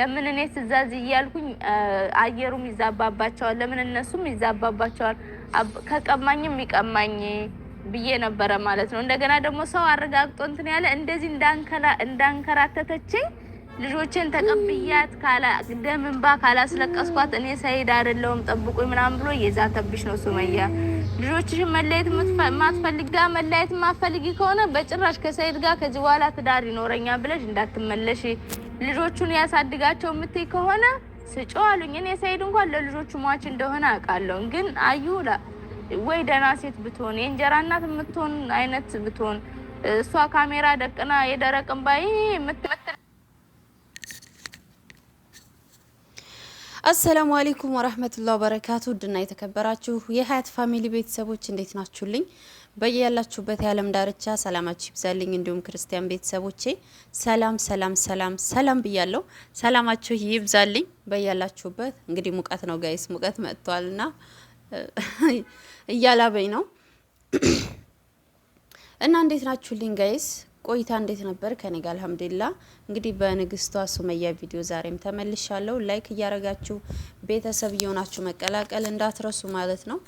ለምን እኔ ትእዛዝ እያልኩኝ አየሩም ይዛባባቸዋል? ለምን እነሱም ይዛባባቸዋል? ከቀማኝም ይቀማኝ ብዬ ነበረ ማለት ነው። እንደገና ደግሞ ሰው አረጋግጦ እንትን ያለ እንደዚህ እንዳንከራተተችኝ ልጆችን ተቀብያት ደም እንባ ካላስለቀስኳት እኔ ሰይድ አይደለሁም ጠብቁኝ ምናምን ብሎ እየዛተብሽ ነው ሱመያ። ልጆችሽን መለየት ማትፈልግ ጋር መለየት ማትፈልጊ ከሆነ በጭራሽ ከሰይድ ጋር ከዚህ በኋላ ትዳር ይኖረኛ ብለሽ እንዳትመለሽ ልጆቹን ያሳድጋቸው የምትይ ከሆነ ስጮ አሉኝ። እኔ ሰይድ እንኳን ለልጆቹ ሟች እንደሆነ አውቃለሁ። ግን አዩ ወይ ደህና ሴት ብትሆን የእንጀራ እናት የምትሆን አይነት ብትሆን እሷ ካሜራ ደቅና የደረቅን ባይ የምትመትል አሰላሙ አሌይኩም ወረህመቱላህ በረካቱ። ውድና የተከበራችሁ የሀያት ፋሚሊ ቤተሰቦች እንዴት ናችሁልኝ? በየያላችሁበት የዓለም ዳርቻ ሰላማችሁ ይብዛልኝ። እንዲሁም ክርስቲያን ቤተሰቦቼ ሰላም ሰላም ሰላም ሰላም ብያለሁ። ሰላማችሁ ይብዛልኝ በያላችሁበት። እንግዲህ ሙቀት ነው ጋይስ፣ ሙቀት መጥቷልና እያላበኝ ነው እና እንዴት ናችሁልኝ ጋይስ? ቆይታ እንዴት ነበር? ከኔ ጋር አልሐምዱሊላ። እንግዲህ በንግስቷ ሱመያ ቪዲዮ ዛሬም ተመልሻለሁ። ላይክ እያረጋችሁ ቤተሰብ እየሆናችሁ መቀላቀል እንዳትረሱ ማለት ነው።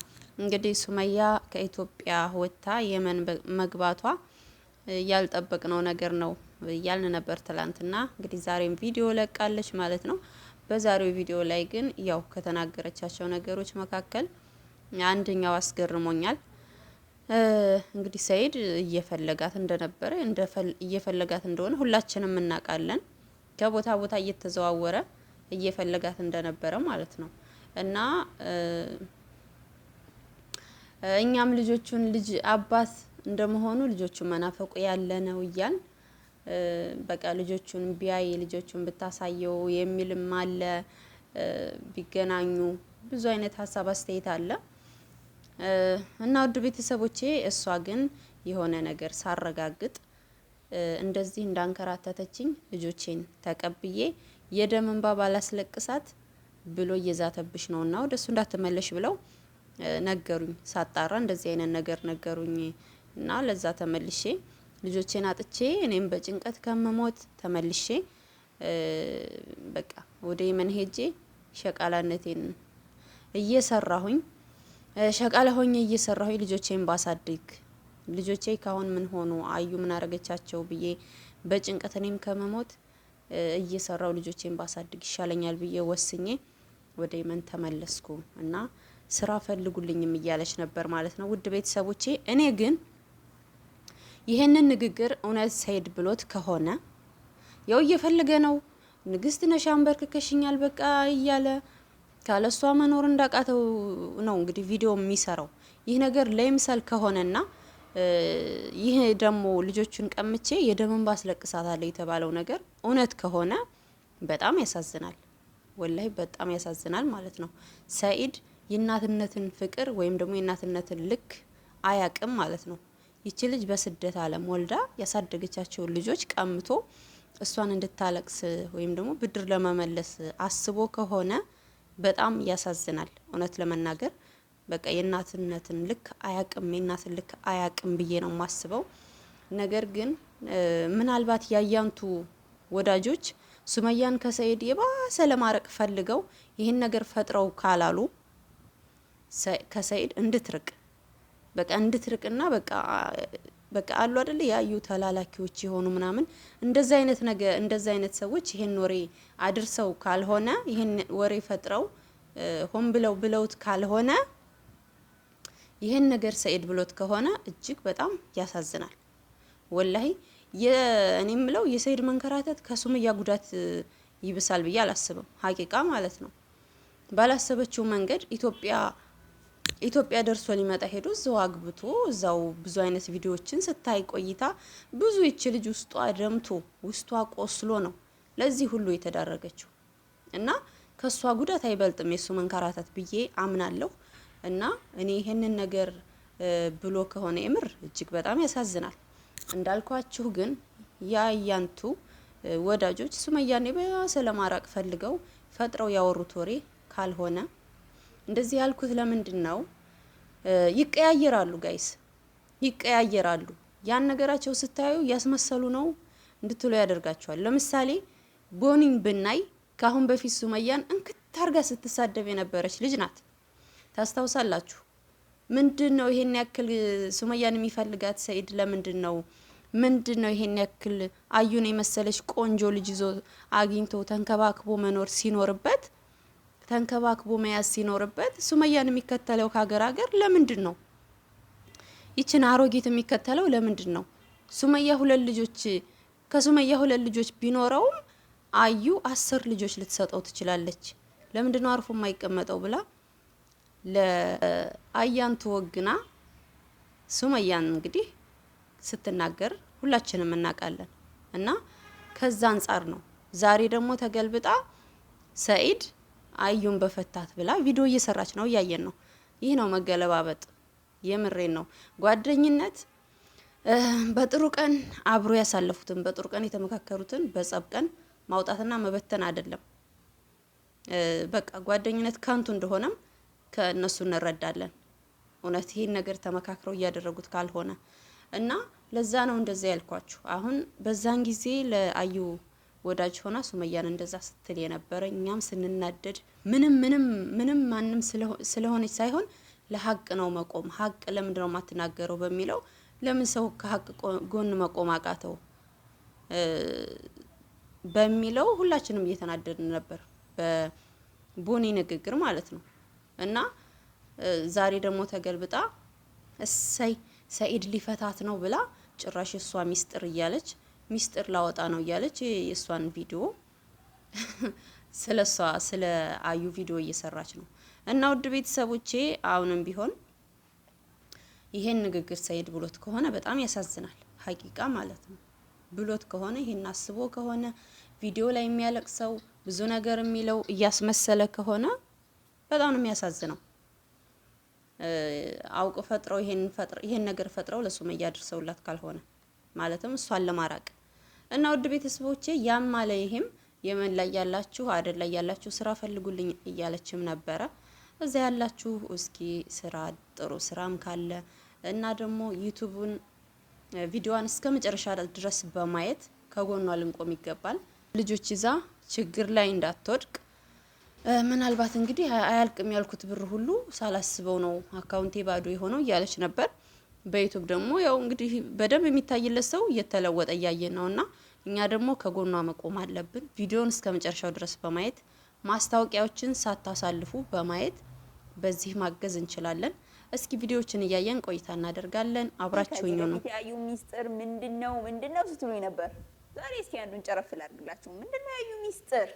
እንግዲህ ሱመያ ከኢትዮጵያ ወጥታ የመን መግባቷ ያልጠበቅነው ነገር ነው ያልን ነበር ትላንትና። እንግዲህ ዛሬም ቪዲዮ ለቃለች ማለት ነው። በዛሬው ቪዲዮ ላይ ግን ያው ከተናገረቻቸው ነገሮች መካከል አንደኛው አስገርሞኛል። እንግዲህ ሰይድ እየፈለጋት እንደነበረ እየፈለጋት እንደሆነ ሁላችንም እናውቃለን። ከቦታ ቦታ እየተዘዋወረ እየፈለጋት እንደነበረ ማለት ነው እና እኛም ልጆቹን ልጅ አባት እንደመሆኑ ልጆቹን መናፈቁ ያለ ነው እያል በቃ ልጆቹን ቢያይ ልጆቹን ብታሳየው የሚልም አለ። ቢገናኙ ብዙ አይነት ሀሳብ አስተያየት አለ እና ውድ ቤተሰቦቼ እሷ ግን የሆነ ነገር ሳረጋግጥ እንደዚህ እንዳንከራተተችኝ ልጆቼን ተቀብዬ የደም እንባ ባላስለቅሳት ብሎ እየዛተብሽ ነውና ወደሱ እንዳትመለሽ ብለው ነገሩኝ። ሳጣራ እንደዚህ አይነት ነገር ነገሩኝ እና ለዛ ተመልሼ ልጆቼን አጥቼ እኔም በጭንቀት ከመሞት ተመልሼ በቃ ወደ የመን ሄጄ ሸቃላነቴን እየሰራሁኝ ሸቃላ ሆኜ እየሰራሁኝ ልጆቼን ባሳድግ ልጆቼ ካሁን ምን ሆኑ አዩ ምን አረገቻቸው ብዬ በጭንቀት እኔም ከመሞት እየሰራው ልጆቼን ባሳድግ ይሻለኛል ብዬ ወስኜ ወደ የመን ተመለስኩ እና ስራ ፈልጉልኝም እያለች ነበር ማለት ነው። ውድ ቤተሰቦቼ እኔ ግን ይህንን ንግግር እውነት ሰይድ ብሎት ከሆነ ያው እየፈለገ ነው። ንግስት ነሽ አንበርክከሽኛል፣ በቃ እያለ ካለሷ መኖር እንዳቃተው ነው እንግዲህ ቪዲዮ የሚሰራው። ይህ ነገር ለይምሰል ከሆነና ይህ ደግሞ ልጆቹን ቀምቼ የደም እንባ አስለቅሳታለሁ የተባለው ነገር እውነት ከሆነ በጣም ያሳዝናል። ወላይ በጣም ያሳዝናል ማለት ነው ሰይድ የእናትነትን ፍቅር ወይም ደግሞ የእናትነትን ልክ አያቅም ማለት ነው። ይቺ ልጅ በስደት ዓለም ወልዳ ያሳደገቻቸውን ልጆች ቀምቶ እሷን እንድታለቅስ ወይም ደግሞ ብድር ለመመለስ አስቦ ከሆነ በጣም ያሳዝናል። እውነት ለመናገር በቃ የእናትነትን ልክ አያቅም፣ የእናትን ልክ አያቅም ብዬ ነው የማስበው። ነገር ግን ምናልባት ያያንቱ ወዳጆች ሱመያን ከሰይድ የባሰ ለማረቅ ፈልገው ይህን ነገር ፈጥረው ካላሉ ከሰይድ እንድትርቅ በቃ እንድትርቅና በቃ በቃ አሉ አደለ ያዩ ተላላኪዎች የሆኑ ምናምን እንደዛ አይነት ነገ እንደዛ አይነት ሰዎች ይሄን ወሬ አድርሰው ካልሆነ ይሄን ወሬ ፈጥረው ሆን ብለው ብለውት ካልሆነ ይሄን ነገር ሰይድ ብሎት ከሆነ እጅግ በጣም ያሳዝናል። ወላሂ የእኔ የምለው የሰይድ መንከራተት ከሱምያ ጉዳት ይብሳል ብዬ አላስብም። ሀቂቃ ማለት ነው ባላሰበችው መንገድ ኢትዮጵያ ኢትዮጵያ ደርሶ ሊመጣ ሄዶ እዛው አግብቶ እዛው ብዙ አይነት ቪዲዮዎችን ስታይ ቆይታ ብዙ ይቺ ልጅ ውስጧ ደምቶ ውስጧ ቆስሎ ነው ለዚህ ሁሉ የተዳረገችው እና ከእሷ ጉዳት አይበልጥም የእሱ መንከራተት ብዬ አምናለሁ። እና እኔ ይሄንን ነገር ብሎ ከሆነ የምር እጅግ በጣም ያሳዝናል። እንዳልኳችሁ ግን የአያንቱ ወዳጆች በሰላም አራቅ ፈልገው ፈጥረው ያወሩት ወሬ ካልሆነ እንደዚህ ያልኩት ለምንድን ነው? ይቀያየራሉ ጋይስ ይቀያየራሉ። ያን ነገራቸው ስታዩ ያስመሰሉ ነው እንድትሉ ያደርጋቸዋል። ለምሳሌ ቦኒን ብናይ ከአሁን በፊት ሱመያን እንክት አርጋ ስትሳደብ የነበረች ልጅ ናት። ታስታውሳላችሁ? ምንድን ነው ይሄን ያክል ሱመያን የሚፈልጋት ሰኢድ? ለምንድን ነው ምንድን ነው ይሄን ያክል አዩን የመሰለች ቆንጆ ልጅ ይዞ አግኝቶ ተንከባክቦ መኖር ሲኖርበት ተንከባክቦ መያዝ ሲኖርበት ሱመያን የሚከተለው ከሀገር ሀገር ለምንድን ነው? ይችን አሮጊት የሚከተለው ለምንድን ነው? ሱመያ ሁለት ልጆች ከሱመያ ሁለት ልጆች ቢኖረውም አዩ አስር ልጆች ልትሰጠው ትችላለች። ለምንድን ነው አርፎ የማይቀመጠው ብላ ለአያን ትወግና ሱመያን እንግዲህ ስትናገር ሁላችንም እናውቃለን። እና ከዛ አንጻር ነው ዛሬ ደግሞ ተገልብጣ ሰኢድ አዩን በፈታት ብላ ቪዲዮ እየሰራች ነው፣ እያየን ነው። ይህ ነው መገለባበጥ። የምሬን ነው። ጓደኝነት በጥሩ ቀን አብሮ ያሳለፉትን በጥሩ ቀን የተመካከሩትን በጸብ ቀን ማውጣትና መበተን አይደለም። በቃ ጓደኝነት ከንቱ እንደሆነም ከእነሱ እንረዳለን። እውነት ይሄን ነገር ተመካክረው እያደረጉት ካልሆነ እና ለዛ ነው እንደዛ ያልኳችሁ። አሁን በዛን ጊዜ ለአዩ ወዳጅ ሆና ሱመያን እንደዛ ስትል የነበረ እኛም ስንናደድ ምንም ምንም ምንም ማንም ስለሆነች ሳይሆን ለሀቅ ነው መቆም። ሀቅ ለምንድነው ነው የማትናገረው በሚለው ለምን ሰው ከሀቅ ጎን መቆም አቃተው በሚለው ሁላችንም እየተናደድን ነበር፣ በቦኒ ንግግር ማለት ነው። እና ዛሬ ደግሞ ተገልብጣ እሰይ ሰኢድ ሊፈታት ነው ብላ ጭራሽ እሷ ሚስጥር እያለች ሚስጥር ላወጣ ነው እያለች የእሷን ቪዲዮ ስለ እሷ ስለ አዩ ቪዲዮ እየሰራች ነው። እና ውድ ቤተሰቦቼ አሁንም ቢሆን ይሄን ንግግር ሰይድ ብሎት ከሆነ በጣም ያሳዝናል። ሀቂቃ ማለት ነው ብሎት ከሆነ ይሄን አስቦ ከሆነ ቪዲዮ ላይ የሚያለቅ ሰው ብዙ ነገር የሚለው እያስመሰለ ከሆነ በጣም ነው የሚያሳዝነው። አውቅ ፈጥረው ይሄን ነገር ፈጥረው ለሱመያ አድርሰውላት ካልሆነ ማለትም እሷን ለማራቅ እና ውድ ቤተሰቦቼ ያም ማለ ይሄም የመን ላይ ያላችሁ አደን ላይ ያላችሁ ስራ ፈልጉልኝ እያለችም ነበረ። እዛ ያላችሁ እስኪ ስራ ጥሩ ስራም ካለ እና ደግሞ ዩቱቡን ቪዲዮዋን እስከ መጨረሻ ድረስ በማየት ከጎኗ ልንቆም ይገባል። ልጆች ይዛ ችግር ላይ እንዳትወድቅ። ምናልባት እንግዲህ አያልቅም ያልኩት ብር ሁሉ ሳላስበው ነው አካውንቴ ባዶ የሆነው እያለች ነበር። በዩቱብ ደግሞ ያው እንግዲህ በደንብ የሚታይለት ሰው እየተለወጠ እያየ ነውና እኛ ደግሞ ከጎኗ መቆም አለብን። ቪዲዮን እስከ መጨረሻው ድረስ በማየት ማስታወቂያዎችን ሳታሳልፉ በማየት በዚህ ማገዝ እንችላለን። እስኪ ቪዲዮዎችን እያየን ቆይታ እናደርጋለን። አብራችሁኝ ነው። ያዩ ሚስጥር ምንድነው ምንድነው ስትሉኝ ነበር። ዛሬ እስኪ አንዱን ጨረፍ ላድርግላችሁ። ምንድነው ያዩ ሚስጥር?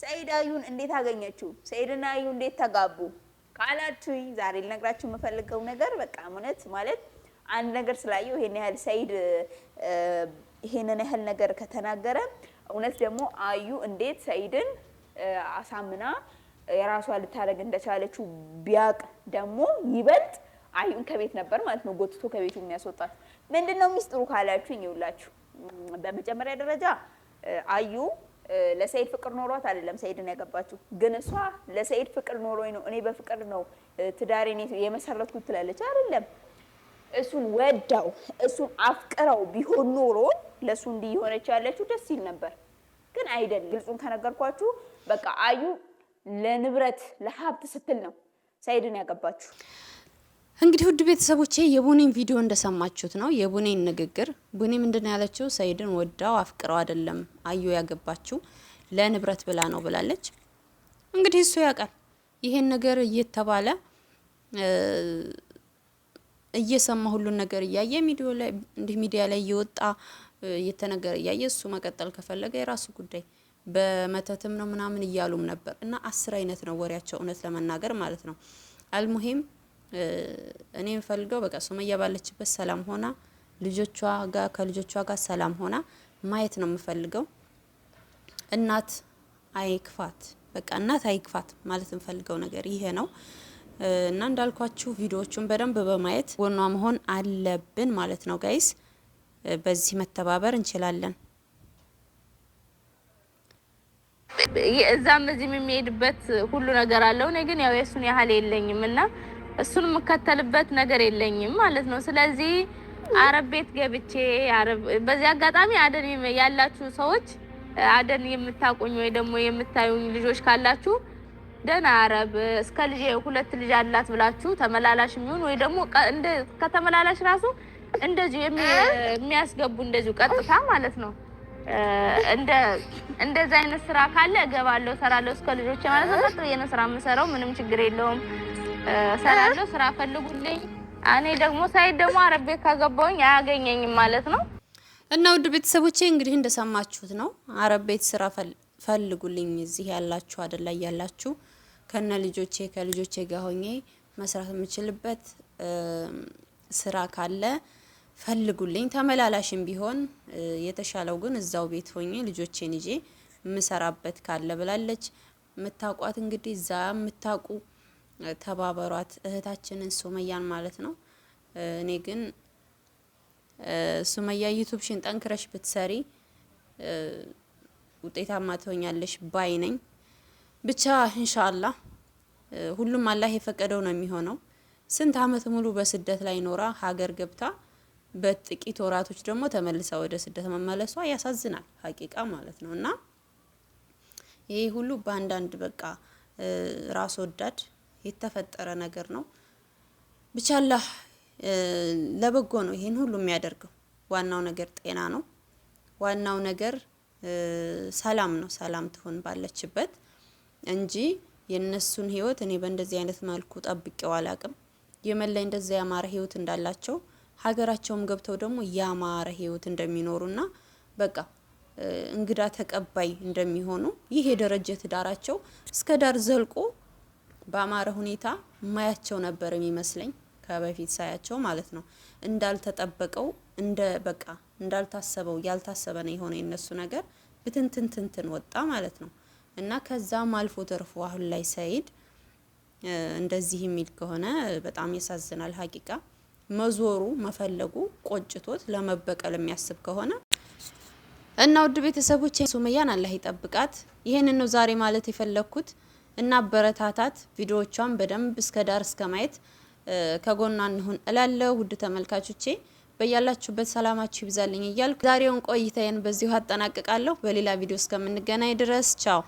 ሰኢድ አዩን እንዴት አገኘችው? ሰኢድና አዩ እንዴት ተጋቡ ካላችሁኝ ዛሬ ልነግራችሁ የምፈልገው ነገር በቃ እውነት ማለት አንድ ነገር ስላየው ይሄን ያህል ሰኢድ ይሄንን ያህል ነገር ከተናገረ እውነት ደግሞ አዩ እንዴት ሰኢድን አሳምና የራሷ ልታደርግ እንደቻለችው ቢያቅ ደግሞ ይበልጥ አዩን ከቤት ነበር ማለት ነው ጎትቶ ከቤቱ የሚያስወጣት። ምንድን ነው ሚስጥሩ ካላችሁ ይውላችሁ፣ በመጀመሪያ ደረጃ አዩ ለሰይድ ፍቅር ኖሯት አይደለም ሰይድን ያገባችሁ፣ ግን እሷ ለሰይድ ፍቅር ኖሮኝ ነው እኔ በፍቅር ነው ትዳሬን የመሰረትኩት ትላለች አይደለም እሱን ወዳው እሱን አፍቅረው ቢሆን ኖሮ ለእሱ እንዲህ የሆነች ያለችው ደስ ይል ነበር፣ ግን አይደለም። ግልጹን ከነገርኳችሁ በቃ አዩ ለንብረት ለሀብት ስትል ነው ሰይድን ያገባችሁ። እንግዲህ ውድ ቤተሰቦቼ የቡኔን ቪዲዮ እንደሰማችሁት ነው፣ የቡኔን ንግግር። ቡኔ ምንድን ያለችው ሰይድን ወዳው አፍቅረው አይደለም አዩ ያገባችው ለንብረት ብላ ነው ብላለች። እንግዲህ እሱ ያውቃል ይሄን ነገር እየተባለ እየሰማ ሁሉን ነገር እያየ እንዲህ ሚዲያ ላይ እየወጣ እየተነገረ እያየ እሱ መቀጠል ከፈለገ የራሱ ጉዳይ። በመተትም ነው ምናምን እያሉም ነበር እና አስር አይነት ነው ወሬያቸው እውነት ለመናገር ማለት ነው። አልሙሂም እኔ የምፈልገው በቃ ሱመያ ባለችበት ሰላም ሆና ልጆቿ ጋር ከልጆቿ ጋር ሰላም ሆና ማየት ነው የምፈልገው። እናት አይክፋት፣ በቃ እናት አይክፋት ማለት የምፈልገው ነገር ይሄ ነው። እና እንዳልኳችሁ ቪዲዮዎቹን በደንብ በማየት ጎኗ መሆን አለብን ማለት ነው ጋይስ። በዚህ መተባበር እንችላለን። እዛም እዚህም የሚሄድበት ሁሉ ነገር አለው። እኔ ግን ያው የእሱን ያህል የለኝም እና እሱን የምከተልበት ነገር የለኝም ማለት ነው። ስለዚህ አረብ ቤት ገብቼ በዚህ አጋጣሚ አደን ያላችሁ ሰዎች አደን የምታቆኝ ወይ ደግሞ የምታዩኝ ልጆች ካላችሁ ደህና አረብ እስከ ልጅ ሁለት ልጅ አላት ብላችሁ ተመላላሽ የሚሆን ወይ ደግሞ ከተመላላሽ ራሱ እንደዚሁ የሚያስገቡ እንደዚሁ ቀጥታ ማለት ነው። እንደ እንደዚህ አይነት ስራ ካለ እገባለሁ፣ እሰራለሁ እስከ ልጆች ማለት ነው። ቀጥ የነ ስራ የምሰራው፣ ምንም ችግር የለውም። እሰራለሁ፣ ስራ ፈልጉልኝ። እኔ ደግሞ ሳይድ ደግሞ አረብ ቤት አያገኘኝም ማለት ነው። እና ውድ ቤተሰቦቼ እንግዲህ እንደሰማችሁት ነው። አረብ ቤት ስራ ፈልጉልኝ፣ እዚህ ያላችሁ አደላይ ያላችሁ ከነ ልጆቼ ከልጆቼ ጋር ሆኜ መስራት የምችልበት ስራ ካለ ፈልጉልኝ። ተመላላሽም ቢሆን የተሻለው ግን እዛው ቤት ሆኜ ልጆቼን ይዤ ምሰራበት ካለ ብላለች። የምታውቋት እንግዲህ እዛ የምታውቁ ተባበሯት፣ እህታችንን ሱመያን ማለት ነው። እኔ ግን ሱመያ ዩቱብሽን ጠንክረሽ ብትሰሪ ውጤታማ ትሆኛለሽ ባይ ነኝ። ብቻ እንሻአላ ሁሉም አላህ የፈቀደው ነው የሚሆነው። ስንት አመት ሙሉ በስደት ላይ ኖራ ሀገር ገብታ በጥቂት ወራቶች ደግሞ ተመልሳ ወደ ስደት መመለሷ ያሳዝናል፣ ሀቂቃ ማለት ነው። እና ይሄ ሁሉ በአንዳንድ በቃ ራስ ወዳድ የተፈጠረ ነገር ነው። ብቻ አላህ ለበጎ ነው ይሄን ሁሉ የሚያደርገው። ዋናው ነገር ጤና ነው። ዋናው ነገር ሰላም ነው። ሰላም ትሆን ባለችበት እንጂ የእነሱን ህይወት እኔ በእንደዚህ አይነት መልኩ ጠብቄው አላቅም። የመን እንደዚያ ያማረ ህይወት እንዳላቸው ሀገራቸውም ገብተው ደግሞ ያማረ ህይወት እንደሚኖሩና በቃ እንግዳ ተቀባይ እንደሚሆኑ ይህ የደረጀ ትዳራቸው እስከ ዳር ዘልቆ በአማረ ሁኔታ ማያቸው ነበር የሚመስለኝ ከበፊት ሳያቸው ማለት ነው። እንዳልተጠበቀው እንደ በቃ እንዳልታሰበው ያልታሰበ ነው የሆነ የነሱ ነገር ብትንትንትንትን ወጣ ማለት ነው። እና ከዛም አልፎ ተርፎ አሁን ላይ ሰይድ እንደዚህ የሚል ከሆነ በጣም ያሳዝናል። ሀቂቃ መዞሩ መፈለጉ ቆጭቶት ለመበቀል የሚያስብ ከሆነ እና ውድ ቤተሰቦች ሱመያን አላህ ይጠብቃት። ይህንን ነው ዛሬ ማለት የፈለግኩት እና አበረታታት። ቪዲዮዎቿን በደንብ እስከ ዳር እስከ ማየት ከጎኗ እንሁን እላለሁ። ውድ ተመልካቾቼ በያላችሁበት ሰላማችሁ ይብዛልኝ እያልኩ ዛሬውን ቆይታዬን በዚሁ አጠናቅቃለሁ። በሌላ ቪዲዮ እስከምንገናኝ ድረስ ቻው።